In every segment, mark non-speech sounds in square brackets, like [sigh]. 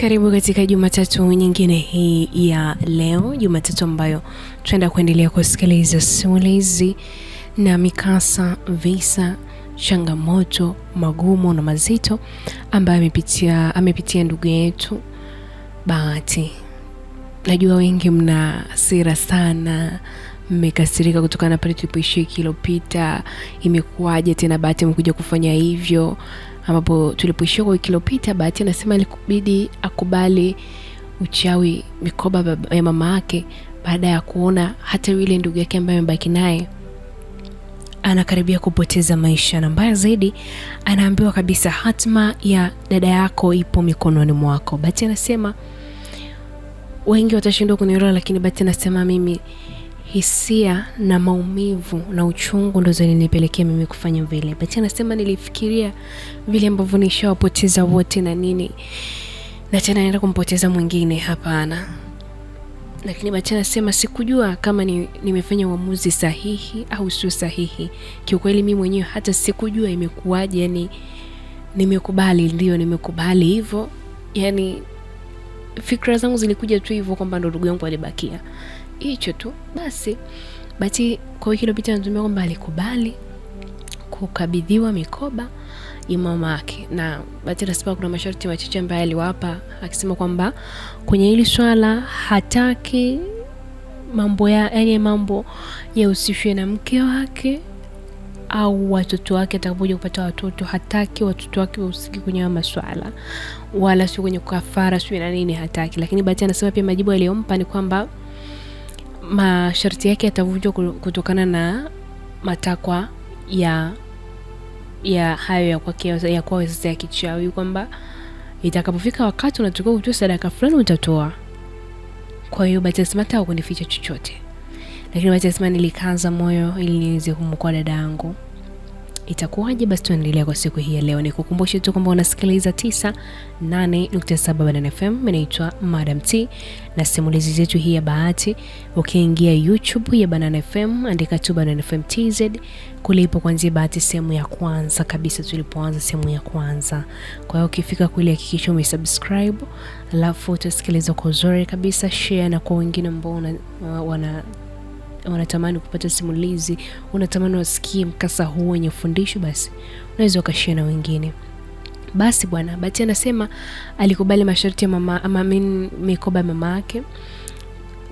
Karibu katika Jumatatu nyingine hii ya leo, Jumatatu ambayo tunaenda kuendelea kusikiliza simulizi na mikasa, visa, changamoto, magumu na mazito ambayo amepitia amepitia ndugu yetu Bahati. Najua wengi mna hasira sana, mmekasirika kutokana na pale tulipoishia wiki iliyopita. Imekuwaje tena Bahati amekuja kufanya hivyo? ambapo tulipoishia kwa wiki iliyopita, Bahati anasema alikubidi akubali uchawi mikoba ya mama yake baada ya kuona hata yule ndugu yake ambaye amebaki naye anakaribia kupoteza maisha, na mbaya zaidi, anaambiwa kabisa hatima ya dada yako ipo mikononi mwako. Bahati anasema wengi watashindwa kunielewa, lakini Bahati anasema mimi hisia na maumivu na uchungu ndo zilinipelekea mimi kufanya vile. but anasema nilifikiria vile ambavyo nishawapoteza wote na nini, na tena naenda kumpoteza mwingine, hapana. Lakini Bati anasema sikujua kama ni, nimefanya uamuzi sahihi au sio sahihi. Kiukweli mimi mwenyewe hata sikujua imekuwaje, yani nimekubali, ndio nimekubali hivyo, yani fikra zangu zilikuja tu hivyo kwamba ndo ndugu yangu alibakia hicho tu basi. bati kwa hiyo kilopita anatuambia kwamba alikubali kukabidhiwa mikoba ya mama yake, na bati anasema kuna masharti machache ambayo aliwapa, akisema kwamba kwenye hili swala hataki mambo ya yani mambo yahusishwe na mke wake au watoto wake. Atakapokuja kupata watoto, hataki watoto wake wahusiki kwenye hayo maswala, wala sio kwenye kafara, sio na nini, hataki. Lakini bati anasema pia majibu aliyompa ni kwamba masharti yake yatavunjwa kutokana na matakwa ya ya hayo ya kwake ya kuwa ya kichawi, kwamba itakapofika wakati unatokiwa kutoa sadaka fulani utatoa. Kwa hiyo Batilsmata kunificha chochote, lakini Batilsma nilikaza moyo ili niweze kumwokoa dada yangu itakuwaje? Basi tunaendelea kwa siku hii ya leo. ni Nikukumbushe tu kwamba unasikiliza 98.7 Banana FM. Inaitwa Madam T na simulizi zetu hii ya bahati. Ukiingia YouTube ya Banana FM, andika tu Banana FM TZ, kule ipo kuanzia bahati sehemu ya kwanza kabisa, tulipoanza sehemu ya kwanza. Kwa hiyo ukifika kule, hakikisha umesubscribe, alafu utasikiliza kwa uzuri kabisa, share na kwa wengine ambao wana wanatamani kupata simulizi, unatamani wasikie mkasa huu wenye ufundisho, basi unaweza ukashia na wengine. Basi bwana bati anasema alikubali masharti ya mama ama mikoba ya mama yake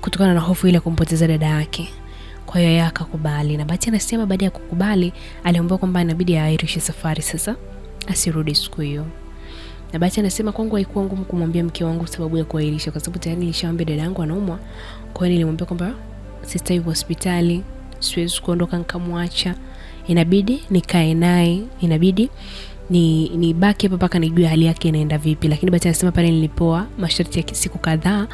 kutokana na hofu ile ya kumpoteza dada yake. Kwa hiyo yeye akakubali, na bati anasema baada ya kukubali aliambiwa kwamba inabidi aairishe safari sasa, asirudi siku hiyo. Na bati anasema kwangu haikuwa ngumu kumwambia mke wangu sababu ya kuairisha kwa sababu tayari nilishawambia dada yangu anaumwa. Kwa hiyo nilimwambia kwamba sista yuko hospitali, siwezi kuondoka nikamwacha, inabidi nikae naye, inabidi ni nibaki hapa mpaka nijue hali yake inaenda vipi. Lakini Bahati anasema pale nilipoa masharti ya siku kadhaa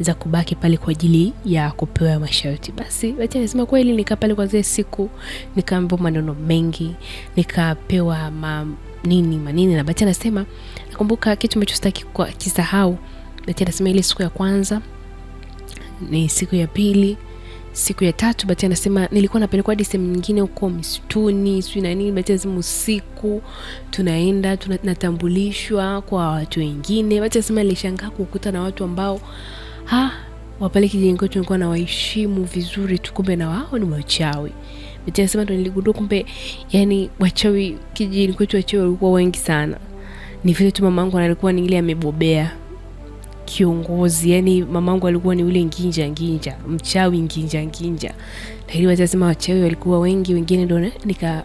za kubaki pale kwa ajili ya kupewa masharti. Basi Bahati anasema kweli, nikaa pale kwa zile siku, nikaambiwa maneno mengi, nikapewa ma nini manini. Na Bahati anasema nakumbuka kitu ambacho sitaki kisahau. Bahati anasema ile siku ya kwanza ni siku ya pili Siku ya tatu bati anasema nilikuwa napelekwa hadi sehemu nyingine huko msituni, sijui na nini. Bahati anasema usiku tunaenda tunatambulishwa kwa watu wengine. bati anasema nilishangaa kukuta na watu ambao ha wapale kijijini kwetu nilikuwa nawaheshimu vizuri tu, kumbe na wao ni wachawi. bati anasema ndo niligundua kumbe, yani wachawi kijini kwetu, wachawi walikuwa wengi sana, ni vile tu mama mamangu alikuwa ni ile amebobea kiongozi. Yani mamangu alikuwa ni ule nginja nginja, mchawi nginja nginja, lakini watasema wachawi walikuwa wengi, wengine ndo nika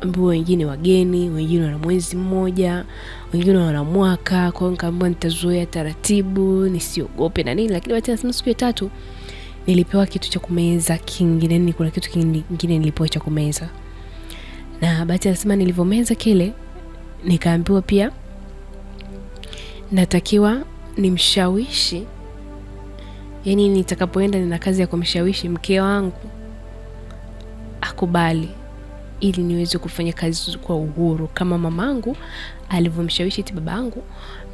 ambao wengine wageni, wengine wana mwezi mmoja, wengine wana mwaka. Kwa hiyo nikaambiwa nitazoea taratibu, nisiogope na nini, lakini wacha siku ya tatu nilipewa kitu cha kumeza kingine, ni yaani kuna kitu kingine nilipewa cha kumeza, na bahati nasema nilivyomeza kile, nikaambiwa pia natakiwa ni mshawishi yaani nitakapoenda nina kazi ya kumshawishi mke wangu akubali ili niweze kufanya kazi kwa uhuru kama mamangu alivyomshawishi ti babangu.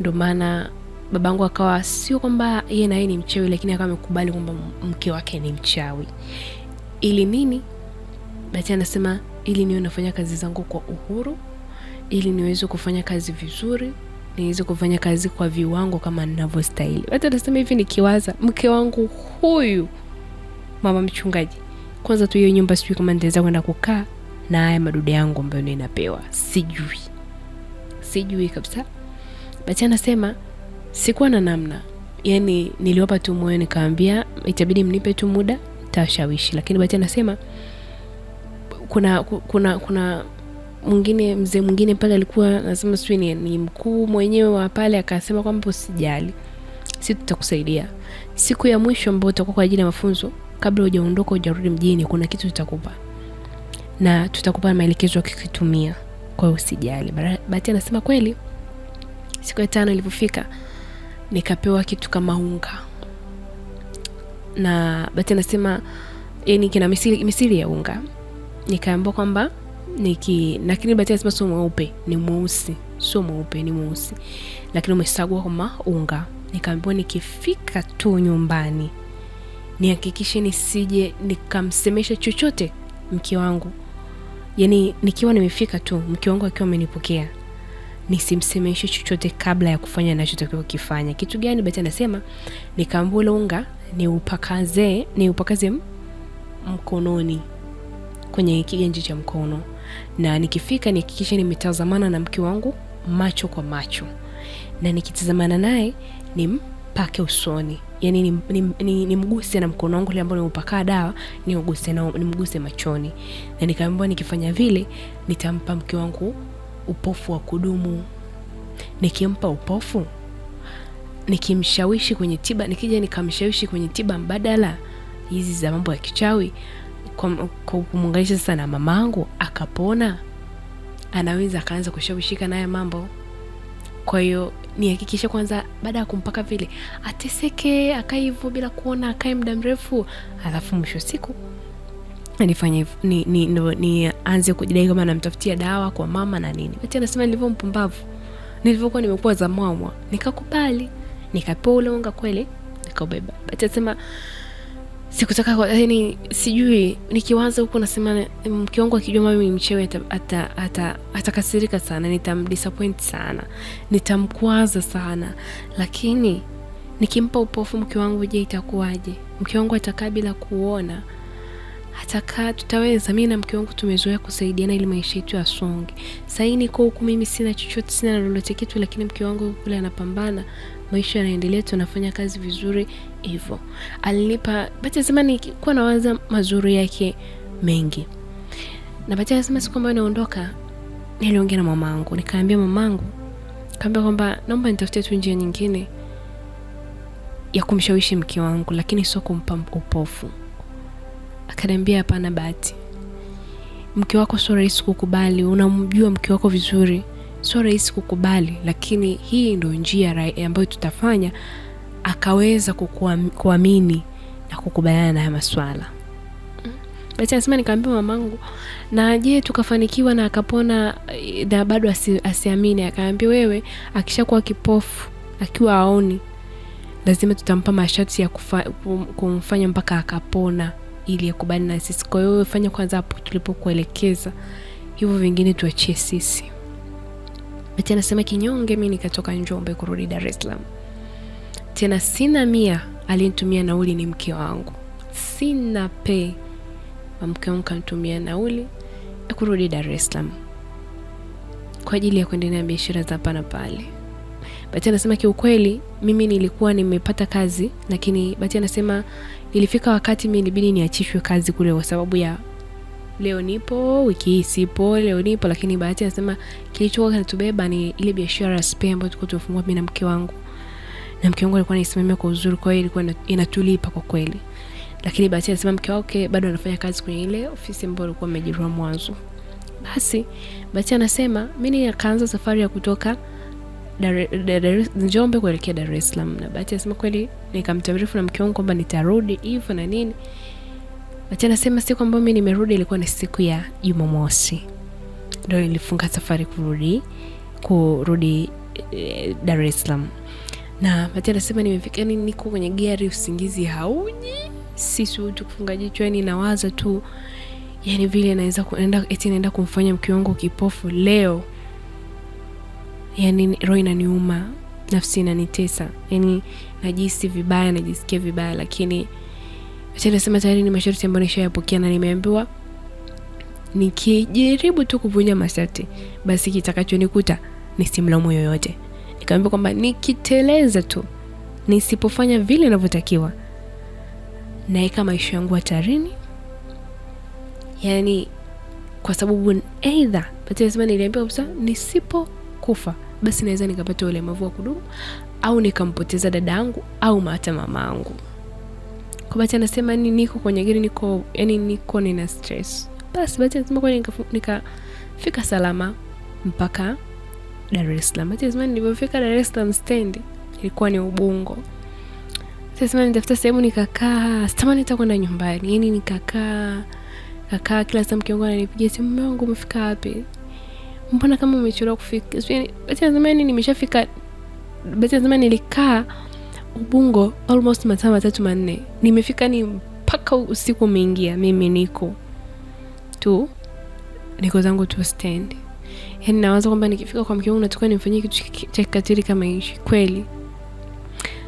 Ndo maana babangu akawa sio kwamba ye na yeye ni mchawi, lakini akawa amekubali kwamba mke wake ni mchawi. Ili nini? bati anasema ili niwe nafanya kazi zangu kwa uhuru, ili niweze kufanya kazi vizuri niweze kufanya kazi kwa viwango kama ninavyostahili. Watu watasema hivi nikiwaza, mke wangu huyu mama mchungaji, kwanza tu hiyo nyumba sijui kama nitaweza kwenda kukaa na haya madude yangu ambayo ninapewa, sijui sijui kabisa. Basi anasema sikuwa na namna, yani niliwapa tu moyo, nikaambia itabidi mnipe tu muda, tashawishi. Lakini Bati anasema kuna kuna kuna mwingine mzee mwingine pale alikuwa anasema sijui ni, ni mkuu mwenyewe wa pale akasema kwamba usijali, si tutakusaidia siku ya mwisho ambayo utakuwa kwa ajili ya mafunzo, kabla hujaondoka hujarudi mjini, kuna kitu tutakupa na tutakupa maelekezo ya kukitumia, kwa usijali. Bahati anasema kweli, siku ya tano ilipofika nikapewa kitu kama unga, na Bahati anasema yani eh, kina misiri, misiri ya unga, nikaambiwa kwamba niki lakini bahati nasiba sio mweupe, ni mweusi, sio mweupe, ni mweusi, lakini umesagwa kwa unga. Nikaambiwa nikifika tu nyumbani nihakikishe nisije nikamsemesha chochote mke wangu, yaani nikiwa nimefika tu mke wangu akiwa amenipokea nisimsemeshe chochote kabla ya kufanya ninachotakiwa kukifanya. Kitu gani? Bahati anasema nikaambua unga niupakaze, niupakaze mkononi, kwenye kiganja cha mkono na nikifika nihakikishe nimetazamana na mke wangu macho kwa macho, na nikitazamana naye nimpake usoni, yani nimguse ni, ni, ni na mkono wangu ule ambao nimeupaka dawa nimguse na nimguse machoni, na nikaambiwa nikifanya vile nitampa mke wangu upofu wa kudumu. Nikimpa upofu nikimshawishi kwenye tiba, nikija nikamshawishi kwenye tiba mbadala hizi za mambo ya kichawi kwa, kwa sasa na mamangu akapona, anaweza akaanza kushawishika naye mambo. Kwa hiyo nihakikishe kwanza, baada ya kumpaka vile ateseke, akae hivyo bila kuona, akae muda mrefu, alafu mwisho siku nifanye ni, ni, ni, kujidai kama namtafutia dawa kwa mama na nini. Bati anasema nilivyo mpumbavu, nilivyokuwa nimekuwa za mwamwa, nikakubali, nikapewa ule unga kweli, nikaubeba. Bati anasema sikutaka yani, sijui nikiwaza huko nasema mke wangu akijua mimi ni mchewe atakasirika sana, nitamdisappoint sana, nitamkwaza sana, lakini nikimpa upofu mke wangu, je, itakuwaje? Mke wangu atakaa bila kuona, atakaa tutaweza. Mimi na mke wangu tumezoea kusaidiana ili maisha yetu yasonge. Sasa niko huku, mimi sina chochote, sina lolote kitu, lakini mke wangu kule anapambana, maisha yanaendelea, tunafanya kazi vizuri hivyo. Alinipa Bahati anasema nilikuwa nawaza mazuri yake mengi, na Bahati anasema siku ambayo naondoka niliongea na mamangu, nikaambia mamangu, kaambia kwamba naomba nitafutie tu njia nyingine ya kumshawishi mke wangu, lakini sio kumpa upofu. Akaniambia hapana, Bahati, mke wako sio rahisi kukubali, unamjua mke wako vizuri, sio rahisi kukubali, lakini hii ndio njia ambayo tutafanya akaweza kuamini na kukubaliana na haya maswala. Basi anasema nikamwambia mamangu, na je, tukafanikiwa na akapona na bado asi, asiamini? Akaambia wewe, akishakuwa kipofu akiwa aoni, lazima tutampa masharti ya kufa, kumfanya mpaka akapona ili akubali na sisi. Kwa hiyo fanya kwanza hapo tulipokuelekeza, hivyo vingine tuachie sisi. Basi anasema kinyonge, mimi nikatoka Njombe kurudi Dar es Salaam. Tena sina mia, alinitumia nauli ni mke wangu, sina pe. Mke wangu kanitumia nauli ya kurudi Dar es Salaam kwa ajili ya kuendelea biashara za hapa na pale. bati anasema kiukweli, mimi nilikuwa nimepata kazi, lakini bati anasema ilifika wakati mimi nilibidi niachishwe kazi kule kwa sababu ya leo nipo, wiki hii sipo, leo nipo. Lakini Bahati anasema kilichokuwa kinatubeba ni ile biashara ya spare ambayo tulikuwa tumefungua mimi na mke wangu na mke wangu alikuwa anaisimamia kwa uzuri, kwa hiyo ilikuwa inatulipa kwa kweli. Lakini basi anasema mke wake bado anafanya kazi kwenye ile ofisi ambayo alikuwa ameajiriwa mwanzo. Basi basi anasema mi ni akaanza safari ya kutoka Njombe kuelekea Dar es Salaam, na bahati anasema kweli nikamtaarifu na mke wangu kwamba nitarudi hivyo na nini. Bahati anasema siku ambayo mi nimerudi ilikuwa ni siku ya Jumamosi, ndo nilifunga safari kurudi kurudi eh, Dar es Salaam na mati anasema nimefika, ni niko kwenye gari, usingizi hauji, sisuti kufunga jicho, yani nawaza tu, yani vile naweza kuenda, eti naenda kumfanya mke wangu kipofu leo. Yani roho inaniuma, nafsi inanitesa, yani najisi vibaya, najisikia vibaya, lakini nasema anasema tayari ni masharti ambayo nishayapokea na nimeambiwa nikijaribu tu kuvunja masharti, basi kitakachonikuta nisimlaumu yoyote. Kaambia kwamba nikiteleza tu, nisipofanya vile inavyotakiwa, naweka maisha yangu hatarini, yaani kwa sababu eidha sema, niliambiwa kabisa nisipokufa basi naweza nikapata ulemavu wa kudumu au nikampoteza dada yangu au hata mama yangu. Kwa anasema ni niko kwenye gari, niko yani niko nina stress. Basi bahati anasema kwani nikafika salama mpaka Dar es Salaam. Hata zamani nilipofika Dar es Salaam stand ilikuwa ni Ubungo. Sasa nitafuta sehemu nikakaa, sitamani hata kwenda nyumbani. Yaani nikakaa kakaa, kila saa mke wangu ananipigia simu, mume wangu umefika wapi? Mbona kama umechelewa kufika? Hata zamani nimeshafika, Basi zamani nilikaa Ubungo almost masaa matatu manne, nimefika ni mpaka usiku umeingia, mimi niko tu niko zangu tu stendi. Yaani nawaza kwamba nikifika kwa mke wangu natakiwa nimfanyie kitu cha kikatili kama hichi kweli.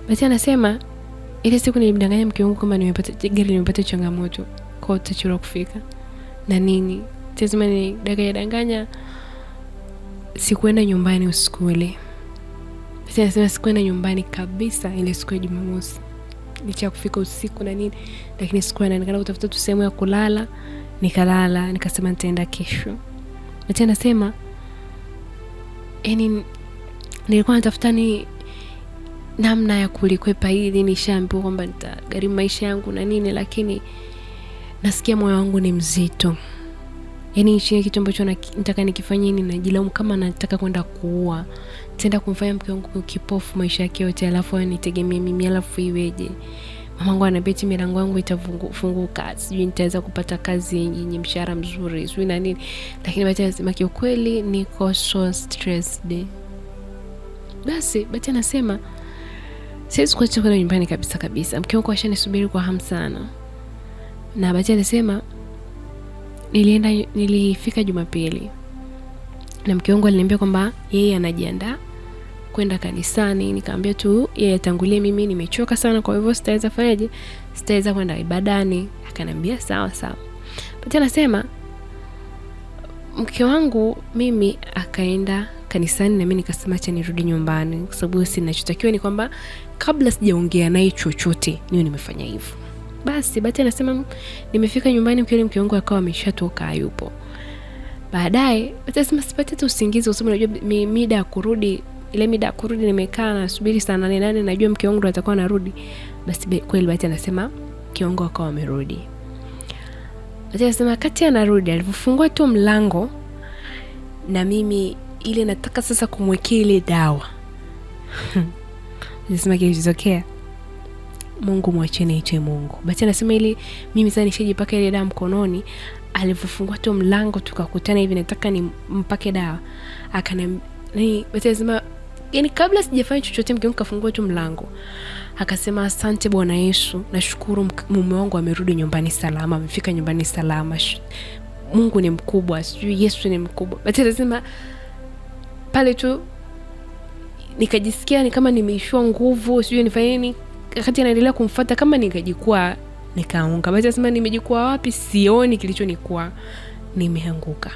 Basi anasema ile siku nilimdanganya mke wangu kwamba nimepata gari, nimepata changamoto kwa utachelewa kufika na nini. tazima Lazima nidanganya danganya, sikuenda nyumbani usiku ule. Basi anasema sikuenda nyumbani kabisa ile siku ya Jumamosi licha ya kufika usiku na nini, lakini sikuenda. Nikaenda kutafuta tu sehemu ya kulala, nikalala, nikasema nitaenda kesho na tena nasema yani, nilikuwa natafutani namna ya kulikwepa hili. Nishaambiwa kwamba nitagharimu maisha yangu na nini, lakini nasikia moyo wangu ni mzito. Yani hichi kitu ambacho nataka nikifanye, ni najilaumu kama nataka kwenda kuua, nitaenda kumfanya mke wangu kipofu maisha yake yote, alafu anitegemee mimi, alafu iweje? mamangu ananiambia ti milango yangu itafunguka, sijui nitaweza kupata kazi yenye mshahara mzuri, sijui na nini, lakini bati anasema kiukweli niko so stressed. Basi bati anasema siwezi kuacha kwenda nyumbani kabisa kabisa, mke wangu ashanisubiri kwa hamu sana. Na bati anasema nilienda, nilifika Jumapili na mke wangu aliniambia kwamba yeye anajiandaa kwenda kanisani. Nikamwambia tu yeye atangulie, mimi nimechoka sana, kwa hivyo sitaweza fanyaje, sitaweza kwenda ibadani. Akaniambia sawa sawa. Bati anasema mke wangu mimi akaenda kanisani na mimi nikasema acha nirudi nyumbani, kwa sababu sinachotakiwa ni kwamba kabla sijaongea naye chochote niwe nimefanya hivyo. Basi Bati anasema nimefika nyumbani, mke mke wangu akawa ameshatoka hayupo. Baadaye Bati anasema sipati hata usingizi, kwa sababu najua mida ya kurudi ile mida kurudi nimekaa nasubiri saa nane nane, najua mke wangu atakuwa narudi Basi kweli Bahati anasema mke wangu akawa amerudi. Bahati anasema kati anarudi, alivyofungua tu mlango na mimi ile nataka sasa kumwekea ile dawa [laughs] nasema kilichotokea Mungu mwacheni aitwe Mungu. basi anasema ile mimi sasa nishajipaka ile dawa mkononi, alivyofungua tu mlango tukakutana hivi, nataka nimpake dawa akana nani, basi anasema yani kabla sijafanya chochote, mke wangu kafungua tu mlango akasema, asante Bwana Yesu, nashukuru mume wangu amerudi nyumbani salama, amefika nyumbani salama, Mungu ni mkubwa, sijui Yesu ni mkubwa. Basi lazima pale tu nikajisikia ni kama nimeishua nguvu, sijui nifanye nini. Wakati anaendelea kumfuata kama nikajikwaa nikaanguka. Basi lazima nimejikwaa wapi? Sioni kilichonikwaa, nimeanguka.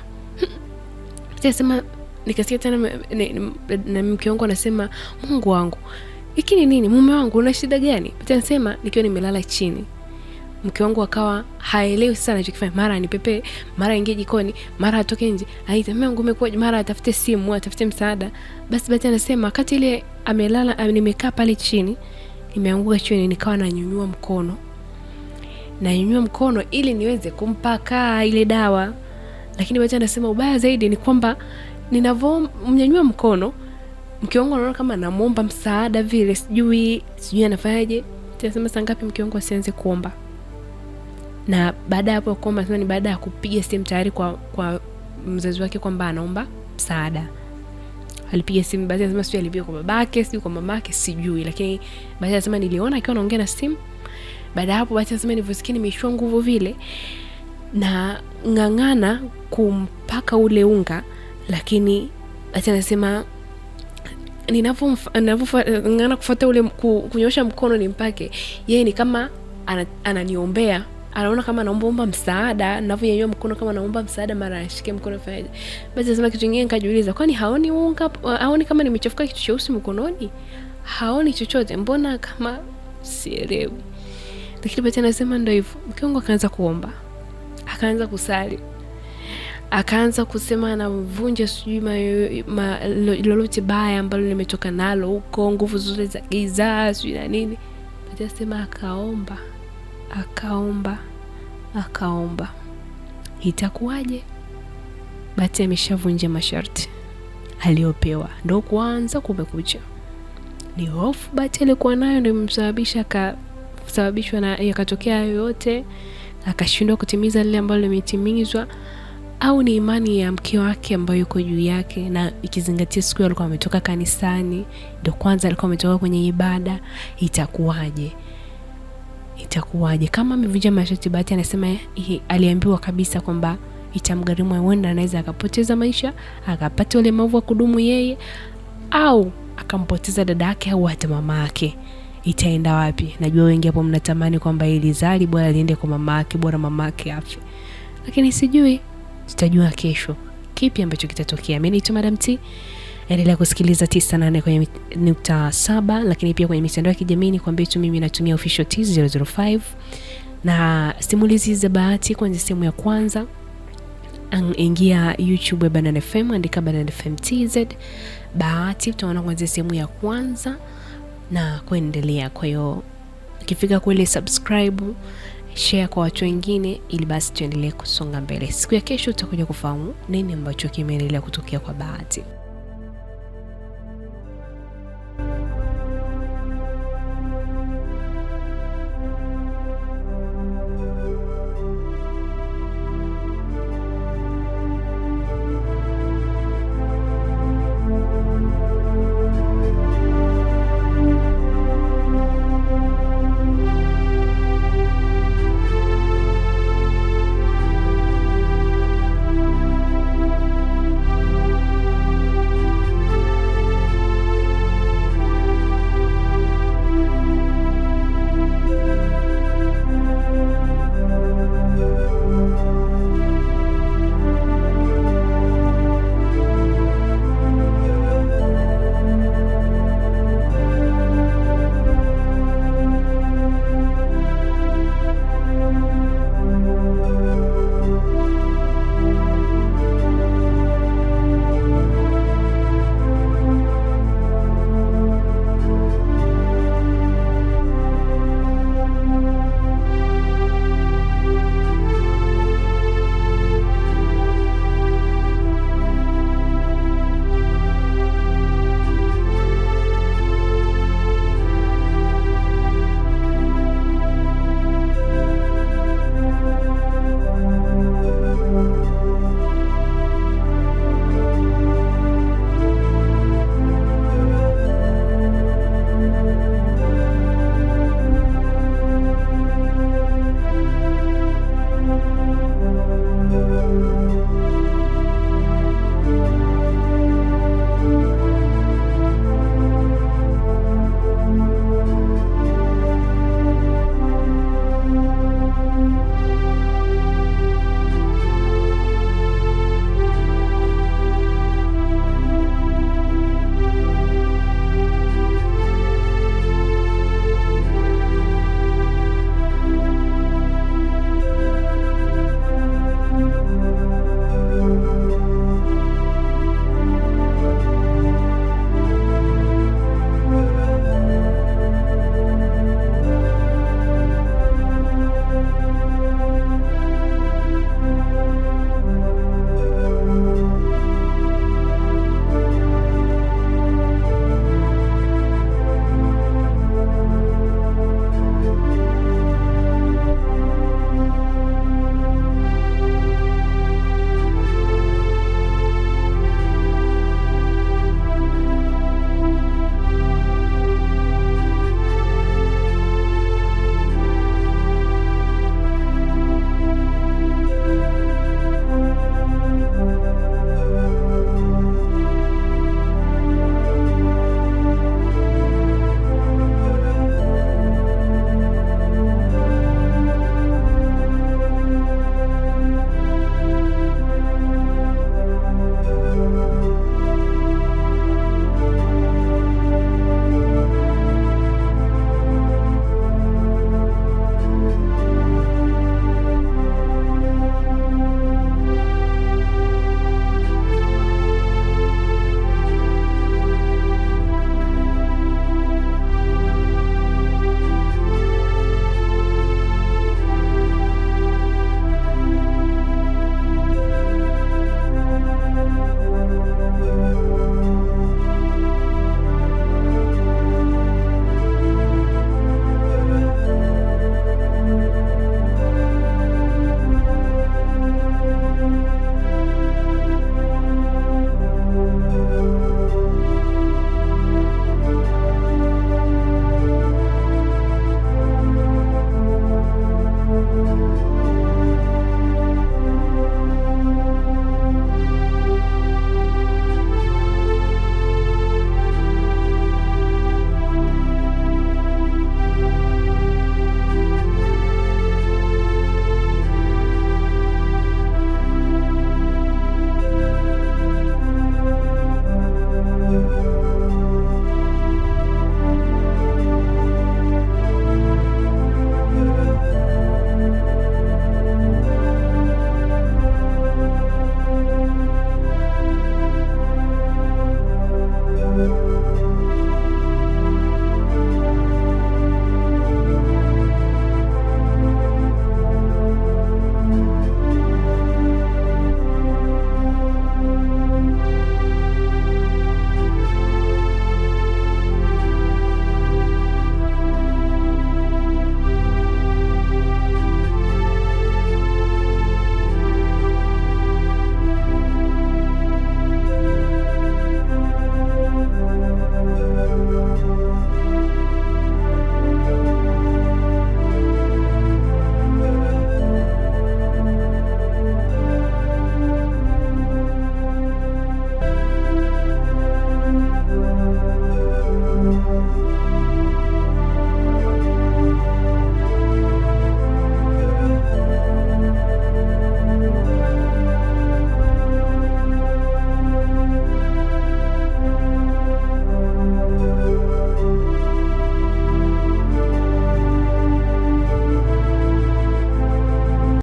[laughs] Basi lazima nikasikia tena na mke wangu anasema, Mungu wangu, hiki ni nini? Mume wangu una shida gani? Nasema nikiwa nimelala chini, mke wangu akawa haelewi sasa anachokifanya, mara anipepee, mara aingie jikoni, mara atoke nje, aita mume wangu umekuwaje, mara atafute simu, atafute msaada. Basi bati anasema wakati ile amelala, nimekaa pale chini, nimeanguka chini, nikawa nanyunyua mkono nanyunyua mkono ili niweze kumpaka ile dawa, lakini bati anasema ubaya zaidi ni kwamba ninavyomnyanyua mkono mke wangu anaona kama namwomba msaada vile, sijui sijui anafanyaje. Tunasema saa ngapi mke wangu asianze kuomba, na baada ya hapo kuomba sema ni baada ya kupiga simu tayari kwa kwa mzazi wake kwamba anaomba msaada. Alipiga simu basi, anasema sijui alipiga kwa babake, sijui kwa mamake, sijui, lakini basi anasema niliona akiwa anaongea na simu. Baada ya hapo basi, anasema nilivyosikia nimeishiwa nguvu vile na ng'ang'ana kumpaka ule unga lakini ati anasema ninavyong'ana kufuata ule kunyosha mkono ni mpake yeye ni kama ananiombea anaona kama anaombaomba msaada, navyoyanyua mkono kama naomba msaada, mara ashike mkono fanyaje. Basi nasema kitu kingine, nikajiuliza kwani haoni unga, haoni kama nimechafuka kitu cheusi mkononi? Haoni chochote, mbona kama sielewi. Lakini bati anasema ndo hivo Mke akaanza kuomba, akaanza kusali akaanza kusema anavunja sijui ma, lolote baya ambalo limetoka nalo huko, nguvu zote za giza sijui na nini. Sema akaomba akaomba akaomba, itakuwaje? bati ameshavunja masharti aliyopewa, ndo kuanza kumekucha. Ni hofu bati alikuwa nayo ndio imemsababisha akasababishwa na yakatokea yote, akashindwa kutimiza lile ambalo limetimizwa au ni imani ya mke wake ambayo yuko juu yake, na ikizingatia siku hiyo alikuwa ametoka kanisani, ndio kwanza alikuwa ametoka kwenye ibada. Itakuwaje? Itakuwaje kama amevunja masharti? Bahati anasema aliambiwa kabisa kwamba itamgharimu, huenda anaweza akapoteza maisha, akapata ulemavu wa kudumu yeye, au akampoteza dada yake au hata mama yake. Itaenda wapi? Najua wengi hapo mnatamani kwamba ilizali, bora liende kwa mama yake, bora mama yake afe, lakini sijui tutajua kesho kipi ambacho kitatokea. Mimi naitwa Madam T, endelea kusikiliza 98 kwenye nukta saba, lakini pia kwenye mitandao ya kijamii ni kuambia tu mimi natumia official T 005 na simulizi za bahati kwanzia sehemu ya kwanza Ingia YouTube ya banan FM, andika banan FM TZ bahati, utaona kuanzia sehemu ya kwanza na kuendelea. Kwa hiyo ukifika kule subscribe, share kwa watu wengine, ili basi tuendelee kusonga mbele. Siku ya kesho utakuja kufahamu nini ambacho kimeendelea kutokea kwa Bahati.